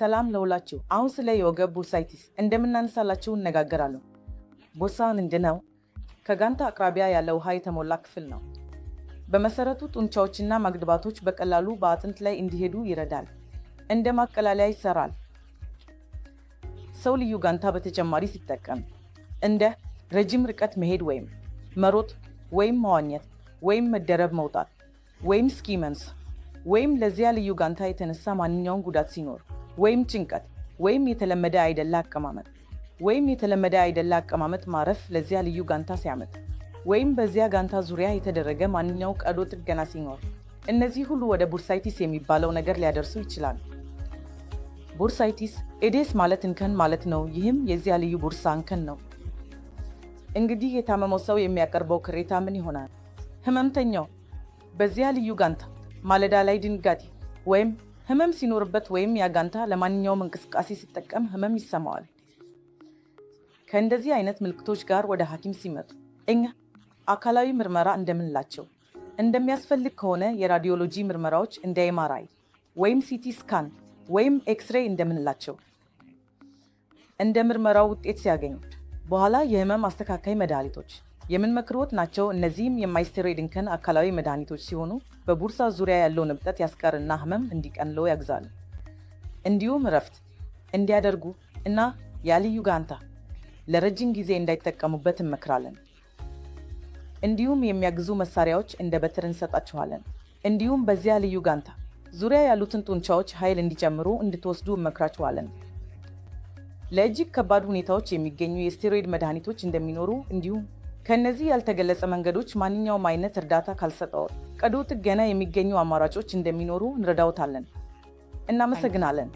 ሰላም ለውላችሁ። አሁን ስለ የወገብ ቡርሳይቲስ እንደምናነሳላችሁ እነጋገራለሁ። ቦርሳ ምንድን ነው? ከጋንታ አቅራቢያ ያለ ውሃ የተሞላ ክፍል ነው። በመሰረቱ ጡንቻዎችና ማግድባቶች በቀላሉ በአጥንት ላይ እንዲሄዱ ይረዳል። እንደ ማቀላለያ ይሰራል። ሰው ልዩ ጋንታ በተጨማሪ ሲጠቀም እንደ ረጅም ርቀት መሄድ ወይም መሮጥ ወይም መዋኘት ወይም መደረብ መውጣት ወይም ስኪመንስ ወይም ለዚያ ልዩ ጋንታ የተነሳ ማንኛውም ጉዳት ሲኖር ወይም ጭንቀት ወይም የተለመደ አይደለ አቀማመጥ ወይም የተለመደ አይደለ አቀማመጥ ማረፍ ለዚያ ልዩ ጋንታ ሲያመጥ ወይም በዚያ ጋንታ ዙሪያ የተደረገ ማንኛው ቀዶ ጥገና ሲኖር እነዚህ ሁሉ ወደ ቡርሳይቲስ የሚባለው ነገር ሊያደርሱ ይችላል። ቡርሳይቲስ ኤዴስ ማለት እንከን ማለት ነው። ይህም የዚያ ልዩ ቡርሳ እንከን ነው። እንግዲህ የታመመው ሰው የሚያቀርበው ቅሬታ ምን ይሆናል? ህመምተኛው በዚያ ልዩ ጋንታ ማለዳ ላይ ድንጋጤ ወይም ህመም ሲኖርበት ወይም ያጋንታ ለማንኛውም እንቅስቃሴ ሲጠቀም ህመም ይሰማዋል። ከእንደዚህ አይነት ምልክቶች ጋር ወደ ሐኪም ሲመጡ እኛ አካላዊ ምርመራ እንደምንላቸው እንደሚያስፈልግ ከሆነ የራዲዮሎጂ ምርመራዎች እንደ ኤምአርአይ ወይም ሲቲ ስካን ወይም ኤክስሬይ እንደምንላቸው እንደ ምርመራው ውጤት ሲያገኙ በኋላ የህመም አስተካካይ መድኃኒቶች የምንመክርዎት ናቸው። እነዚህም የማይስቴሮይድንከን አካላዊ መድኃኒቶች ሲሆኑ በቡርሳ ዙሪያ ያለውን እብጠት ያስቀርና ህመም እንዲቀንለው ያግዛሉ። እንዲሁም እረፍት እንዲያደርጉ እና ያልዩ ጋንታ ለረጅም ጊዜ እንዳይጠቀሙበት እንመክራለን። እንዲሁም የሚያግዙ መሳሪያዎች እንደ በትር እንሰጣችኋለን። እንዲሁም በዚያ ልዩ ጋንታ ዙሪያ ያሉትን ጡንቻዎች ኃይል እንዲጨምሩ እንድትወስዱ እመክራችኋለን። ለእጅግ ከባድ ሁኔታዎች የሚገኙ የስቴሮይድ መድኃኒቶች እንደሚኖሩ እንዲሁም ከእነዚህ ያልተገለጸ መንገዶች ማንኛውም አይነት እርዳታ ካልሰጠው ቀዶ ጥገና የሚገኙ አማራጮች እንደሚኖሩ እንረዳውታለን። እናመሰግናለን።